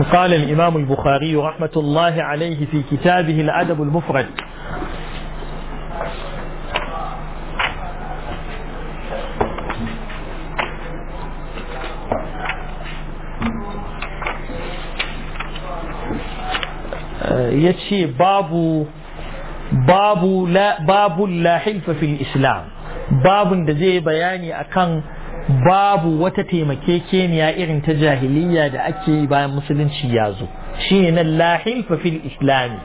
قال الإمام البخاري رحمة الله عليه في كتابه الأدب المفرد آه، يتشي باب باب لا باب لا حلف في الإسلام باب da بياني أكن babu wata taimakekeniya irin ta jahiliya da ake yi bayan musulunci ya zo ne nan lahin fil islami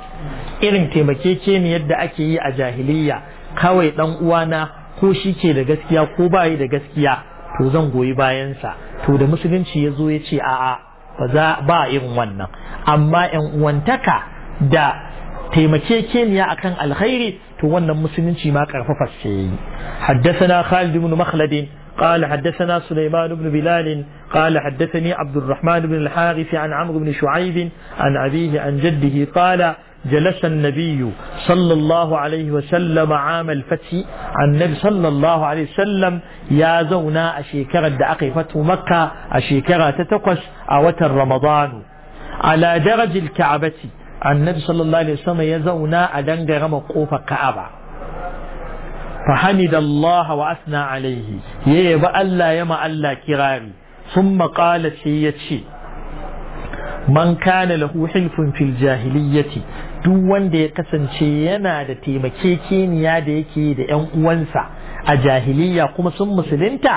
irin taimakekeniyar da ake yi a jahiliya kawai dan uwana ko shi ke da gaskiya ko bayi da gaskiya to zan goyi bayansa to da musulunci ya zo ya ce a'a ba za ba irin wannan amma yan uwantaka da taimakekeniya akan alkhairi to wannan musulunci ma karfafa sai haddasa na Khalid ibn Makhlad قال حدثنا سليمان بن بلال قال حدثني عبد الرحمن بن الحارث عن عمرو بن شعيب عن أبيه عن جده قال جلس النبي صلى الله عليه وسلم عام الفتح عن النبي صلى الله عليه وسلم يا زونا أشيكرة دعقي فتح مكة أشيكرة تتقش أوتر رمضان على درج الكعبة عن النبي صلى الله عليه وسلم يا زونا أدنجر مقوف كعبة فحمد ya وأثنى Allah ya ألا Allah ألا كراري ثم قال سيتشي من كان له حلف في الجاهلية duk wanda ya kasance yana da taimakekeniya da yake da 'yan uwansa a jahiliya kuma sun musulunta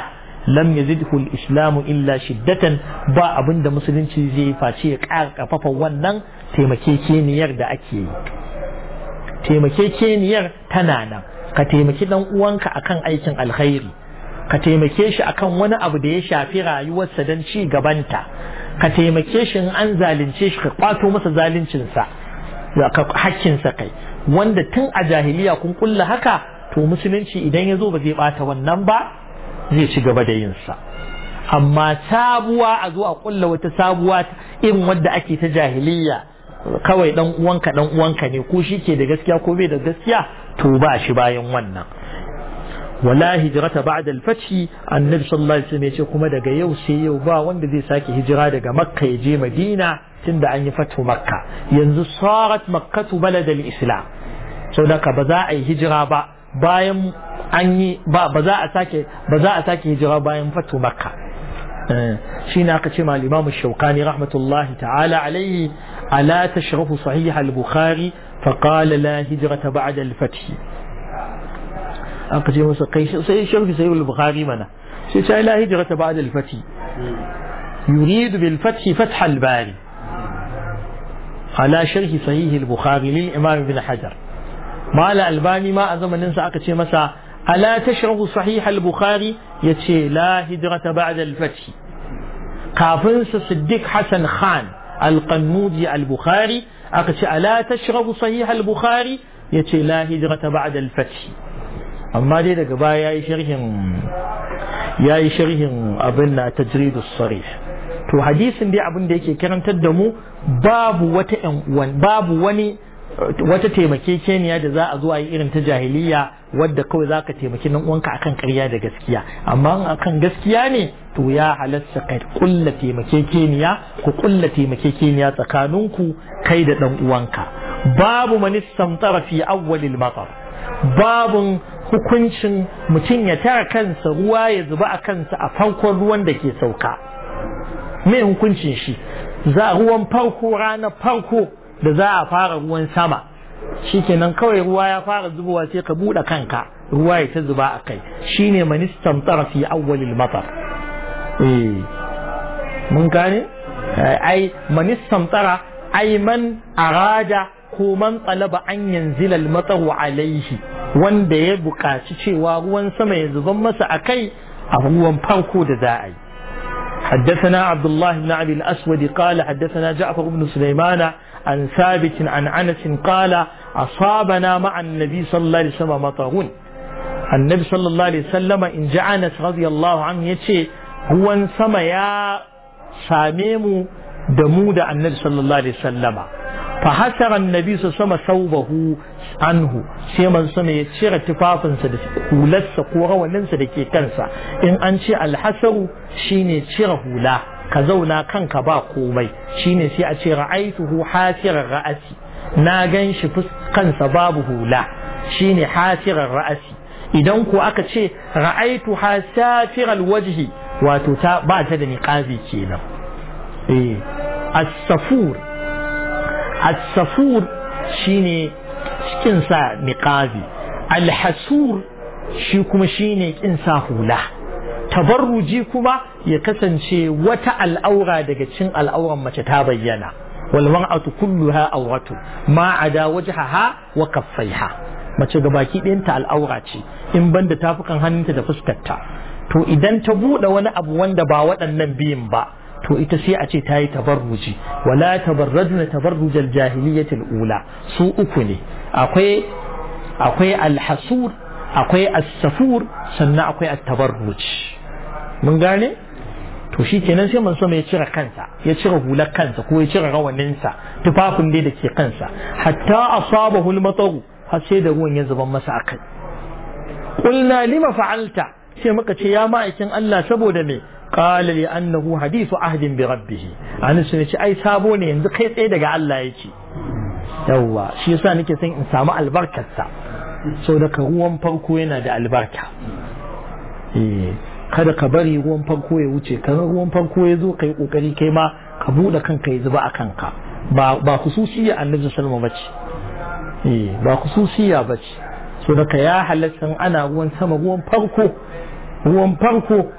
lam yazidhu islamu illa shiddatan ba abinda musulunci zai face ya ƙara kafafa wannan taimakekeniyar da ake yi taimakekeniyar tana nan ka taimaki dan uwanka akan aikin alkhairi ka taimake shi akan wani abu da ya shafi rayuwarsa don ci gabanta ka taimake shi in an zalunce shi ka kwato masa zaluncinsa hakkinsa kai wanda tun a jahiliya kun kulla haka to musulunci idan ya zo ba zai bata wannan ba zai ci gaba da yinsa amma sabuwa a zo a kulla wata sabuwa irin wadda ake ta jahiliya kawai dan uwanka dan uwanka ne ko shi ke da gaskiya ko bai da gaskiya to ba shi bayan wannan wala hijrata ba'da al-fathi annabi sallallahu alaihi wasallam yace kuma daga yau sai yau ba wanda zai sake hijira daga makka ya je madina tunda an yi fatu makka yanzu sarat makkatu balad al-islam saboda ba za a yi hijira ba bayan an yi ba za a sake ba za a sake hijira bayan fatu makka eh, shi ne aka ce ma al shaukani rahmatullahi ta'ala alaihi ألا تشرف صحيح البخاري فقال لا هجرة بعد الفتح أنك جيمس قيش صحيح البخاري منا لا هجرة بعد الفتح يريد بالفتح فتح الباري على شرح صحيح البخاري للإمام ابن حجر ما لا الباني ما أظن ننسى أكتشي مسا ألا تشرف صحيح البخاري يتشي لا هجرة بعد الفتح كافنس صديق حسن خان alqannuji al-bukhari aka ce ala tashrabu sahih al-bukhari yace la hijrata ba'da al-fath amma dai daga baya yayi sharhin yayi sharhin abin na tajridus sarih to hadisin dai abin da yake karantar da mu babu wata babu wani wata taimakekeniya da za a zuwa yi irin ta jahiliya wadda kawai za ka taimaki nan uwanka akan karya da gaskiya amma akan gaskiya ne to ya halasta ka kulla taimakekeniya ku kulla taimakekeniya tsakaninku kai da dan uwanka babu manis samtara fi awwalil matar babun hukuncin mutum ya tara kansa ruwa ya zuba a kansa a farkon ruwan da ke sauka me hukuncin shi za ruwan farko ranar farko da za a fara ruwan sama shikenan kawai ruwa ya fara zubowa sai ka buɗe kanka ruwa ya ta zuba a kai shine manistan tsarafi awwalil matar eh, mun gane ai manistan tsara ai man arada ko man talaba an yanzila al-mataru alaihi wanda ya buƙaci cewa ruwan sama ya zuban masa akai a ruwan farko da za a yi حدثنا عبد الله بن عبد الأسود قال حدثنا جعفر بن سليمان عن ثابت عن أنس قال أصابنا مع النبي صلى الله عليه وسلم مطرون النبي صلى الله عليه وسلم إن جاء أنس رضي الله عنه يتشي هو سما يا ساميمو دمود النبي صلى الله عليه وسلم fa hasara annabi sama saubahu anhu sai man sama ya cire tufafinsa da hularsa ko rawaninsa da ke kansa in an ce alhasaru shine cire hula ka zauna kanka ba komai shine sai a ce ra'aituhu hasirar ra'asi na gan shi kansa babu hula shine hasirar ra'asi idan ko aka ce ra'aitu hasirar wajhi wato ta ba ta da niqabi kenan eh as-safur al safur shine cikin niqabi al-hasur shi kuma shine ƙin sa hula tabarruji kuma ya kasance wata al'aura daga cin al'auran mace ta bayyana wal kullu ha awratu ma ada ha wa kaffaiha mace ga baki ɗinta al'aura ce in banda tafukan hannunta da fuskarta to idan ta buɗe wani abu wanda ba waɗannan biyun ba to ita sai a ce ta yi tabarruji wala tabarrajna tabarrujal jahiliyatil ula su uku ne akwai akwai alhasur akwai as-safur sannan akwai at-tabarruj mun gane to shi kenan sai manzo mai cire kansa ya cire hular kansa ko ya cire rawaninsa tufafin dai da ke kansa hatta asabahu al-mataru har sai da ruwan ya zuban masa akai qulna lima fa'alta sai muka ce ya ma'aikin Allah saboda me qala li annahu hadithu ahdin bi rabbih an sun ce ai sabo ne yanzu kai tsaye daga Allah yake yawa shi yasa nake son in samu albarkarsa sau da ka ruwan farko yana da albarka eh kada ka bari ruwan farko ya wuce kan ruwan farko ya zo ka yi kokari kai ma ka buɗe kanka ya zuba a kanka ba kususiya annabi salma eh ba ce ba kususiya ba bace. so daga ya halatta ana ruwan sama ruwan farko ruwan farko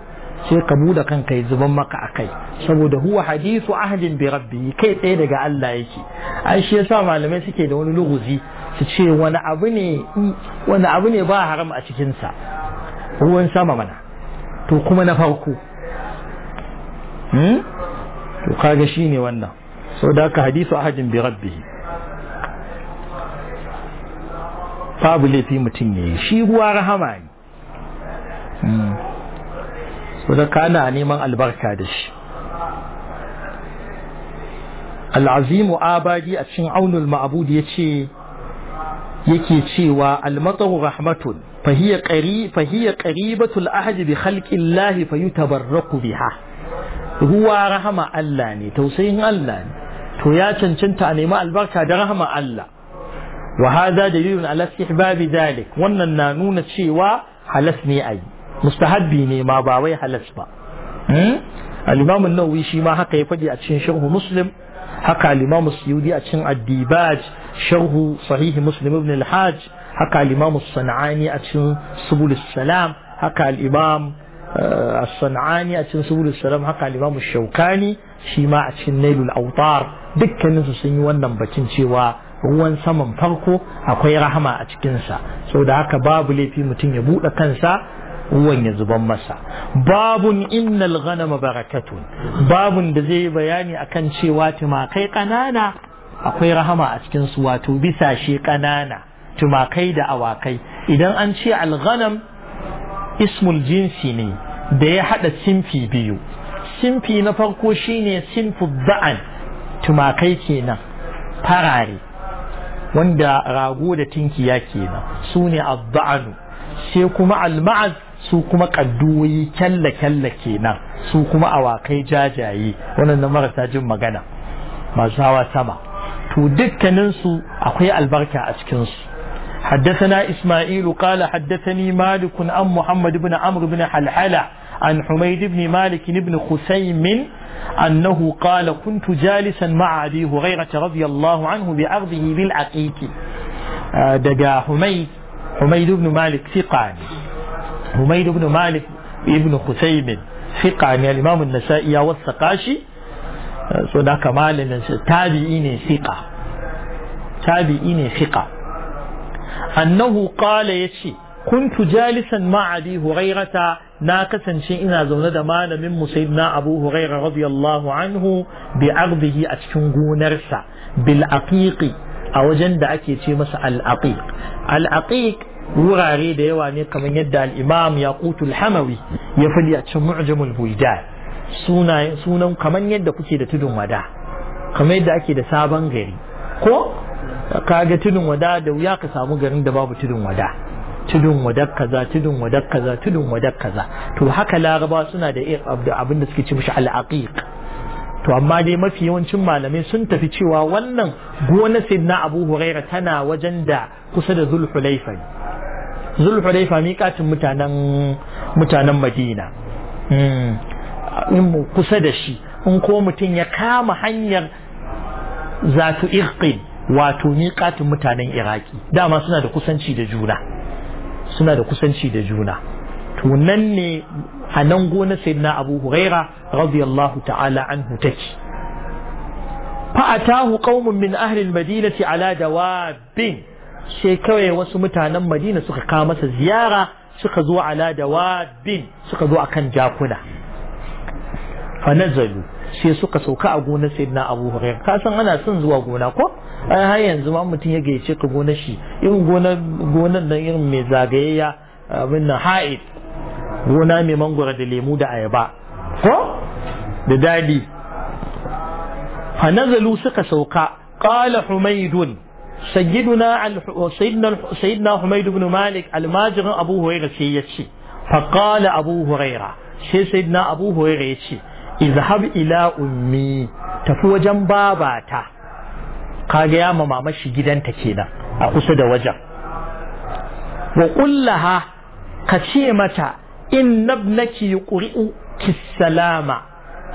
sai ka buɗe kanka ya zuban maka a kai saboda huwa hadisu ahadin bi rabbi kai tsaye daga Allah yake ai shi yasa malamai suke da wani luguzi su ce wani abu ne ba haram a cikin sa ruwan sama mana to kuma na farko hmm to kaga shine wannan saboda haka hadisu ahadin bi rabbi babu laifi mutum ya shi ruwa rahama ne hmm. so da kana neman albarka da shi al'azimu abadi a cikin aunul ma'abud ya ce yake cewa almatahu rahmatun fahiyya ƙaribatul ahadi qaribatul ahd bi khalqillahi fayutabarraku biha ruwa rahama Allah ne tausayin Allah ne to ya cancanta a nemi albarka da rahama Allah wa hadha dalilun ala istihbabi dhalik wannan na nuna cewa halas ne a yi. mustahabbi ne ma ba wai halas ba hmm? al-imam an-nawawi shi ma haka ya faɗi a cikin sharh muslim haka al-imam suyudi a cikin ad-dibaj sharh sahih muslim ibn al-hajj haka al-imam sanani a cikin subul salam haka al-imam as-sanani a cikin subul salam haka al-imam uh, shawkani shi ma a cikin nailul awtar dukkanin su sun yi wannan bakin cewa ruwan saman farko akwai rahama a cikinsa da haka babu laifi mutum ya buɗe kansa ruwan ya zuban masa babun innal ghanama barakatun babun da zai bayani akan cewa tumakai kanana akwai rahama a cikin su wato bisashe kanana tumakai da awakai idan an ce alghanam ismul jinsi ne da ya hada simfi biyu simfi na farko shine simfu da'an tumakai kenan farare wanda rago da tinkiya kenan su ne abba'anu sai kuma al-ma'az su kuma kadduwoyi kyalla kyalla kenan su kuma awakai jajaye wannan marasa jin magana masu hawa sama to dukkaninsu akwai albarka a cikinsu حدثنا إسماعيل قال حدثني مالك عن محمد بن عمرو بن حلحلة عن حميد بن مالك بن خسيم أنه قال كنت جالسا مع أبي هريرة رضي الله عنه بأرضه بالعقيق آه، دقا حميد حميد بن مالك ثقاني humaid ibn malik ibn khusaymin fiqa ne al-imam an-nasa'i ya wasaka shi so malamin sa tabi'i ne fiqa annahu qala yace kuntu jalisan ma hurairata na kasance ina zaune da malamin mu sayyidina abu huraira radiyallahu anhu bi ardihi a cikin gonarsa bil aqiqi a wajen da ake ce masa al aqiq al aqiq wurare da yawa ne kamar yadda al-imam yaqutul hamawi ya fadi a cikin mu'jamul buldan sunan kamar yadda kuke da tudun wada kamar yadda ake da sabon gari ko kaga tudun wada da wuya ka samu garin da babu tudun wada tudun wada kaza tudun wada kaza tudun wada kaza to haka laraba suna da abin da suke ci mishi al'aqiq to amma dai mafi yawancin malamai sun tafi cewa wannan gona sayyidina abu huraira tana wajen da kusa da zulhulaifa zulhulaifa miƙatin mutanen mutanen madina hmm. kusa da shi in ko mutum ya kama hanyar zatu irqin wato miƙatin mutanen iraki dama suna da kusanci da juna suna da kusanci da juna to ne a nan gona sayyidina abu huraira radiyallahu ta'ala anhu take فأتاه قوم من أهل madinati ala dawabin sai kawai wasu mutanen madina suka kawo masa ziyara suka zo ala wabin suka zo kan jakuna fa nazalu sai suka sauka a gonar sayyidina abu hurairah ka san ana son zuwa gona ko ai har yanzu ma mutum ya gaice ka gonar shi irin gonar gonar nan irin mai zagayayya abin nan ha'id gona mai mangoro da lemu da ayaba ko da dadi Fanazalu suka sauka qala humaydun sayyiduna sayyidina sayyidina Humayd ibn Malik almajirin Abu Huraira sai ya ce fa qala Abu Huraira sai sayyidina Abu ya ce izhab ila ummi tafi wajen babata kaga ya ma mama shi gidanta kenan a kusa da wajen wa kullaha ka ce mata in nabnaki yuqri'u kisalama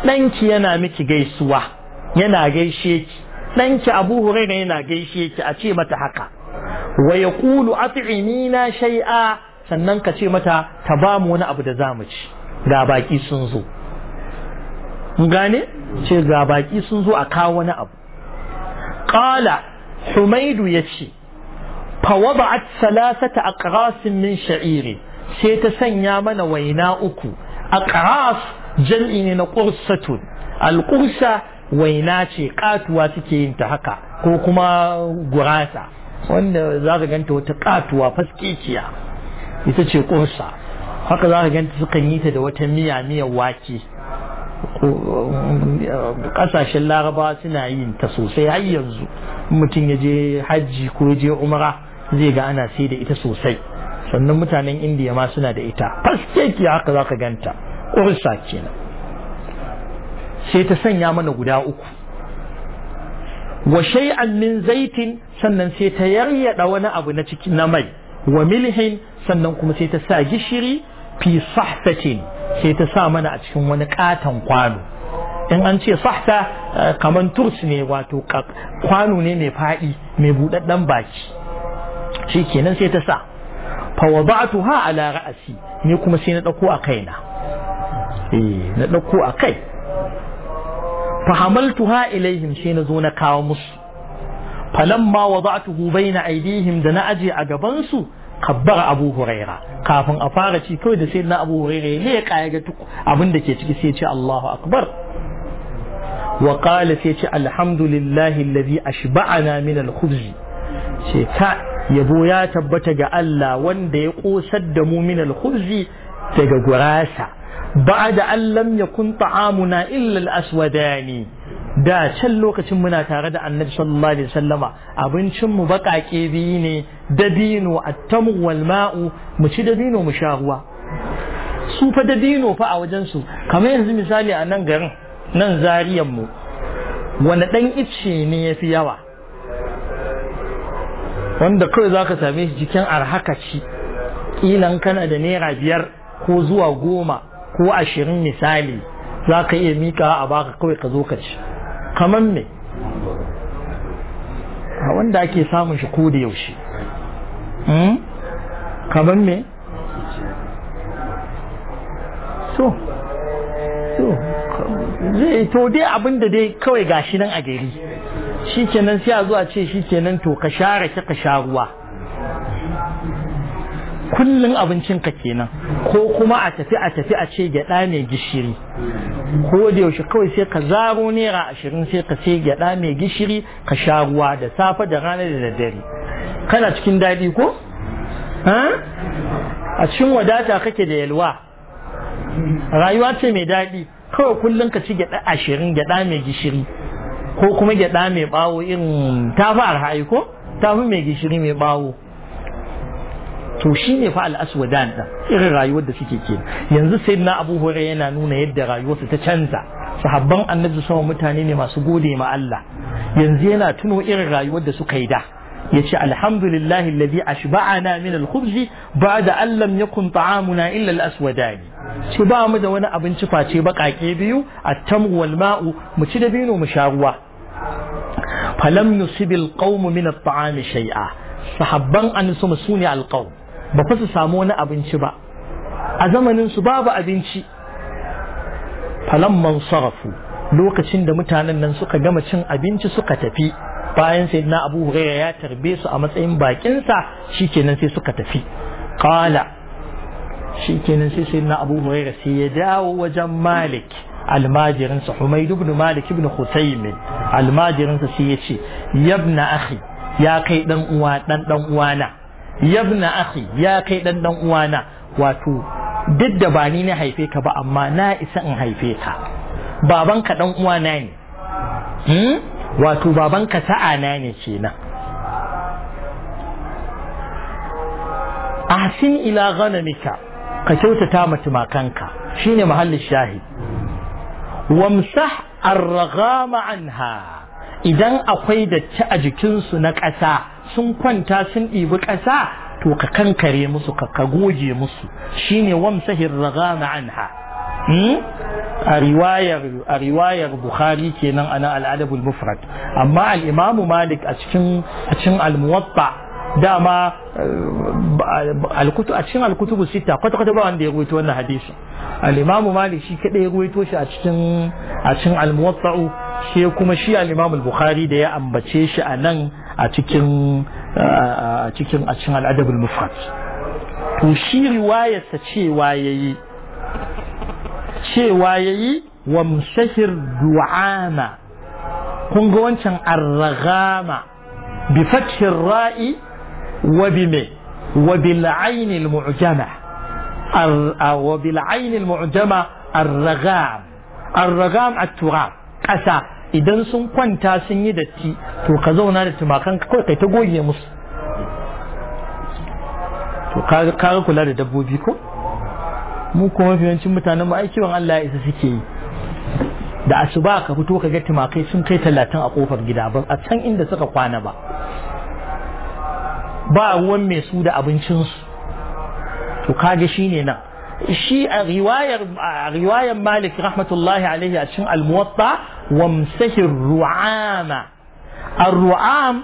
ɗanki yana miki gaisuwa yana gaishe ki ɗanki abu huraira yana gaishe ki a ce mata haka wa ya kulu at'imina shay'a sannan ka ce mata ta ba mu wani abu da za mu ci ga baki sun zo gane ce ga baki sun zo a kawo wani abu qala humaidu yace fa wada'at salasata aqrasin min sha'iri sai ta sanya mana waina uku aqras jam'i ne na qursatun al-qursa waina ce katuwa suke yin ta haka ko kuma gurasa wanda za ka ganta wata katuwa faskiciya ita ce kursa haka za ka ganta sukan yi ta da wata miya miyan wake kasashen um, laraba suna yin ta sosai har yanzu mutum ya je hajji ko je umara zai ga ana sai da ita sosai sannan mutanen indiya ma suna da ita faskekiya haka za ka ganta kursa kenan sai ta sanya mana guda uku wa shay'an min zaitin sannan sai ta yaryada wani abu na cikin na mai wa milhin sannan kuma sai ta sa gishiri fi sahfatin sai ta sa mana a cikin wani katon kwano in an ce sahta eh, kaman turs ne wato kwano ne mai faɗi mai buɗaɗɗen baki shi kenan sai ta sa fa wa wada'tuha ala ra'asi ni kuma sai na ɗauko a kaina eh na ɗauko a kai fahamaltuha ilaihim sai na zo na kawo musu falamma wada'tuhu baina aidihim da na ajiye a gabansu. su kabbara abu kafin a fara ci kawai da sai na abu ya ne kaya ga duk Abun da ke ciki sai ce Allahu akbar wa qala sai ce alhamdulillahi alladhi ashba'ana min al-khubz yabo ya tabbata ga Allah wanda ya kosar da mu min al daga gurasa ba'da an lam yakun ta'amuna illa al-aswadani da can lokacin muna tare da annabi sallallahu alaihi wasallama abincin mu baƙaƙe biyu ne dabino attamu wal ma'u mu ci dabino mu sha ruwa su fa dabino fa a wajen su kamar yanzu misali a nan garin nan zariyan mu wanda dan icce ne yafi yawa wanda kawai zaka same shi cikin arhakaci kilan kana da naira biyar ko zuwa goma ko ashirin misali za ka iya miƙa a baka kawai ka zo ka ci kamar me a wanda ake samun shi ko da yaushe hmm? kamar me so so zai to dai abinda dai kawai gashi nan a gari shikenan sai a zuwa ce shi kenan to ka share ka sha ruwa kullun ka kenan ko kuma a tafi a tafi a ce gyada mai gishiri ko da yaushe kawai sai ka zaro naira ashirin sai ka sai gyada mai gishiri ka sha ruwa da safe da rana da daddare kana cikin daɗi ko a cikin wadata kake da yalwa rayuwa ce mai daɗi kawai kullum ka ci gyaɗa ashirin gyaɗa mai gishiri ko kuma gyaɗa mai bawo irin tafi arha'i ko tafi mai gishiri mai bawo. to shine fa al-aswadan din irin rayuwar da suke ke yanzu na Abu Hurairah yana nuna yadda rayuwarsa ta canza sahabban annabi sama mutane ne masu gode ma Allah yanzu yana tuno irin rayuwar da suka yi da yace alhamdulillahi alladhi ashba'ana min al ba ba'da an lam yakun ta'amuna illa al-aswadan ce ba mu da wani abinci face baƙaƙe biyu at-tamru wal ma'u mu ci da bino mu sha ruwa falam yusibil qawmu min at-ta'ami shay'a sahabban an su ne al ba fa su samu wani abinci ba a zamanin su babu abinci falamman sarafu lokacin da mutanen nan suka gama cin abinci suka tafi bayan sai na abu huraira ya tarbe su a matsayin bakinsa shikenan sai suka tafi qala shikenan sai sai na abu huraira sai ya dawo wajen malik almajirin sa humaid ibn malik ibn khusaym almajirin sai ya ce yabna akhi ya kai dan uwa dan dan uwana yabna akhi ya kai dan dan uwana wato duk da ba ni na haife ka ba amma na isa in haife ka baban ka dan uwana ne hmm? wato sa'a sa'ana ne kenan ahsin ila ghanamika ka kyautata ma tumakanka shine mahallin shahid wamsah ar anha idan akwai datti a jikinsu na ƙasa sun kwanta sun ɗibi ƙasa to ka kankare musu ka goge musu shine wamsahir ragama anha hmm? a riwayar a riwayar bukhari kenan ana al'adabul mufrad amma al malik a cikin a cikin al-muwatta dama eh, a cikin al-kutubu sita kwata kwata ba wanda ya ruwaito wannan hadisi al malik shi kadai ya ruwaito shi a cikin a cikin al-muwatta shi kuma shi al-imamu bukhari da ya ambace shi a nan a cikin a cikin a cikin al'adabul mufrad to shi riwayarsa cewa yayi cewa yayi wa musahir du'ama kun ga wancan arragama bi fathir ra'i wa bi me wa bil ayn al mu'jama wa bil ayn al mu'jama arragam arragam at-turab ƙasa idan sun kwanta sun yi datti to ka zauna da tumakan kawai kai ta goge musu to ka kula da dabbobi ko mu kuma fiyancin mutanen ai kiwon Allah ya isa suke yi da asuba ka fito ka ga tumakai sun kai talatin a kofar gida ba a can inda suka kwana ba ba ruwan mai su da abincinsu to shi ne nan shi a riwayar riwayar Malik rahmatullahi alaihi a cikin al-Muwatta ru'ama ar-ru'am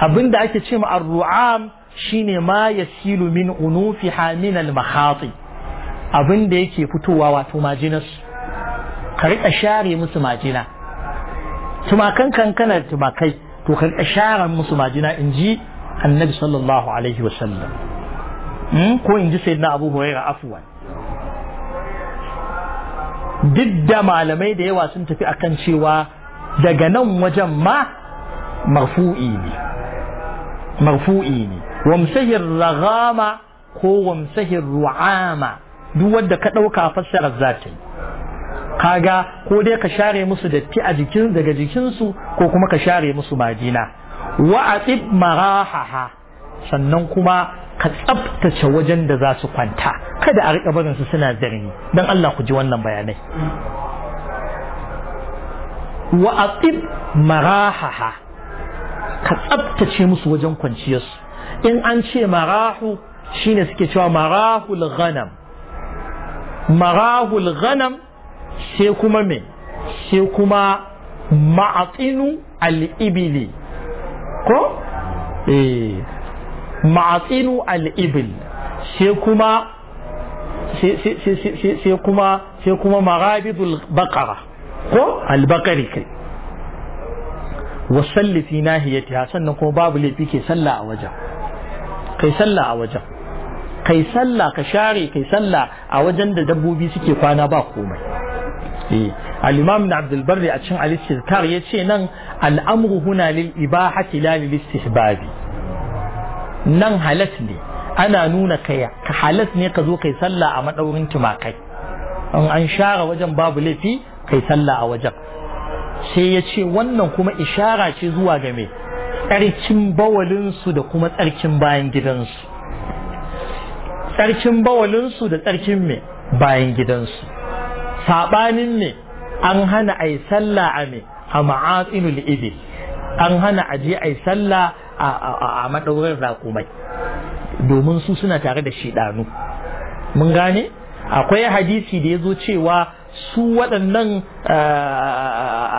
abinda ake ce ma ruam shine ma yasilu min unufi min al-mahati abinda yake fitowa wato majinas ka rika share musu majina tumakan kankana tumakai to ka rika share musu majina inji annabi sallallahu alaihi wasallam Hmm? ko in ji sayyidina abu huraira afwan duk da malamai da yawa sun tafi akan cewa daga nan wajen ma marfu'i ne marfu'i ne wamsahir ragama ko wamsahir ru'ama duk wadda ka ɗauka fassarar za kaga ko dai ka share musu datti a jikin daga jikinsu ko kuma ka share musu majina wa atib marahaha sannan kuma ka tsabtace wajen da za su kwanta kada a riƙa barinsu suna zarni don Allah ku ji wannan bayanai wa atib marahaha ka tsabtace musu wajen kwanciyarsu in an ce marahu shine suke cewa marahul ghanam marahul ghanam sai kuma me sai kuma ma'atinu al ko eh Ma'asinu alibil sai kuma sai kuma sai kuma ko al kai wasalli fi sannan kuma babu laifi ke sallah a wajen kai sallah a wajen kai sallah ka share kai sallah a wajen da dabbobi suke kwana ba komai eh, al-imam ibn abd al-barri a cikin al ya yace nan al-amru huna lil ibahati la lil istihbabi nan halas ne ana nuna kai ka halas ne ka zo kai sallah a madaurin tumakai an an share wajen babu laifi kai sallah a wajen sai ya ce wannan kuma ishara ce zuwa ga me tsarkin bawalinsu da kuma tsarkin bayan gidansu tsarkin bawalinsu da tsarkin me bayan gidansu saɓanin ne an hana a yi sallah a me a ma'atsinul ibil an hana a je a yi sallah a maɗaurin raƙumai domin su suna tare da shiɗanu mun gane akwai hadisi da ya zo cewa su waɗannan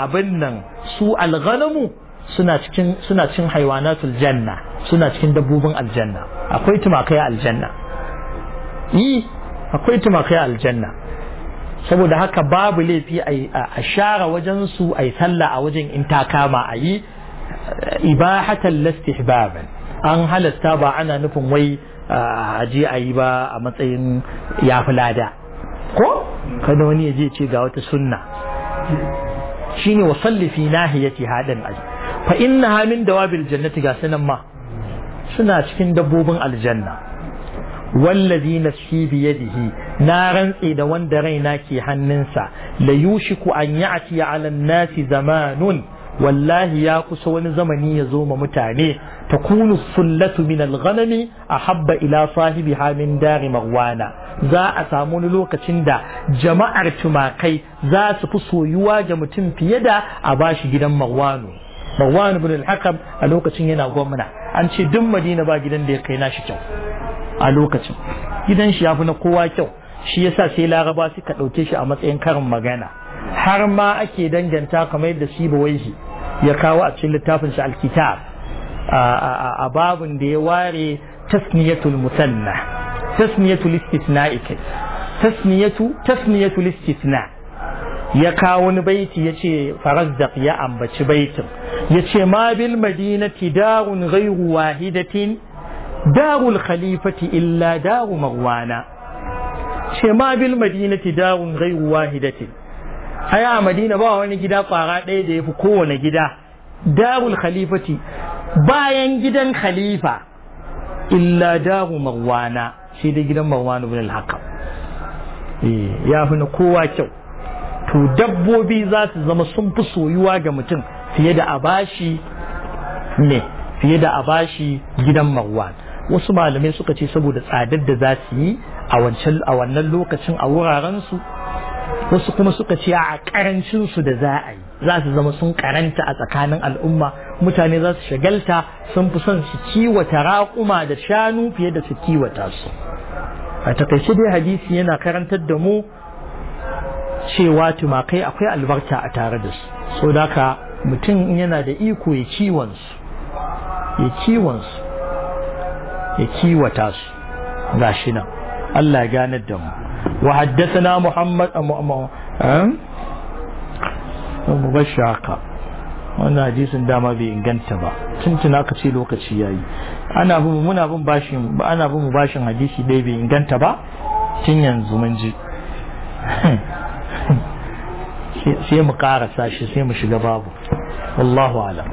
abin nan su alganamu suna cikin suna cikin janna suna cikin dabbobin aljanna akwai tumakai aljanna yi akwai tumakai aljanna saboda haka babu laifi a share wajensu a yi sallah a wajen in ta kama a yi ibahatan lastihbaban an halasta ba ana nufin wai a ayi a yi ba a matsayin ya lada ko kada wani ya je ce ga wata sunna shine wa salli fi nahiyati hadan aj fa innaha min dawabil jannati ga sanan ma suna cikin dabbobin aljanna wallazi nafsi bi yadihi na rantse da wanda raina ke hannunsa la yushiku an ya'ti ala nasi zamanun wallahi ya kusa wani zamani ya zo ma mutane ta kunu sullatu min al-ghanami ahabba ila ha min dari marwana za a samu wani lokacin da jama'ar tumakai za su fi soyuwa ga mutum fiye da a bashi gidan Marwano. Marwano bin al-hakam a lokacin yana gwamna an ce duk madina ba gidan da ya kai nashi kyau a lokacin gidan shi ya fi na kowa kyau shi yasa sai laraba suka ɗauke shi a matsayin karin magana har ma ake danganta kamar yadda shi bawaihi ya kawo a cikin littafin shi alkitab a babun da ya ware tasniyatul musanna tasniyatul istisna ikai tasniyatu tasniyatul istisna ya kawo wani baiti yace farazdaq ya ambaci baitin yace ma bil madinati darun ghayru wahidatin darul khalifati illa daru marwana ce ma bil madinati darun ghayru wahidatin ai a madina ba wani gida kwara ɗaya da ya fi kowane gida darul khalifati bayan gidan khalifa illa daru marwana Sai dai gidan marwana bin al-hakam eh, ya fi na kowa kyau to dabbobi za su zama sun fi soyuwa ga mutum fiye da abashi ne fiye da abashi gidan marwan wasu malamai suka ce saboda tsadar da za su yi a wannan lokacin a wurarensu wasu kuma suka ce a karancin su da za a yi za su zama sun karanta a tsakanin al'umma mutane za su shagalta sun fi son su kiwata raƙuma da shanu fiye da su kiwata su a takaice dai hadisi yana karantar da mu cewa tumakai akwai albarka a tare da su so daka mutum yana da iko ya kiwon su ya kiwon ya kiwata su shi nan Allah ya ganar da mu وحدثنا محمد mubashaka wannan hadisin dama bai inganta ba tuntuna ka ce lokaci yayi ana bin muna bin bashin hadisi dai bai inganta ba tun yanzu mun ji sai mu karasa shi sai mu shiga babu wallahu alam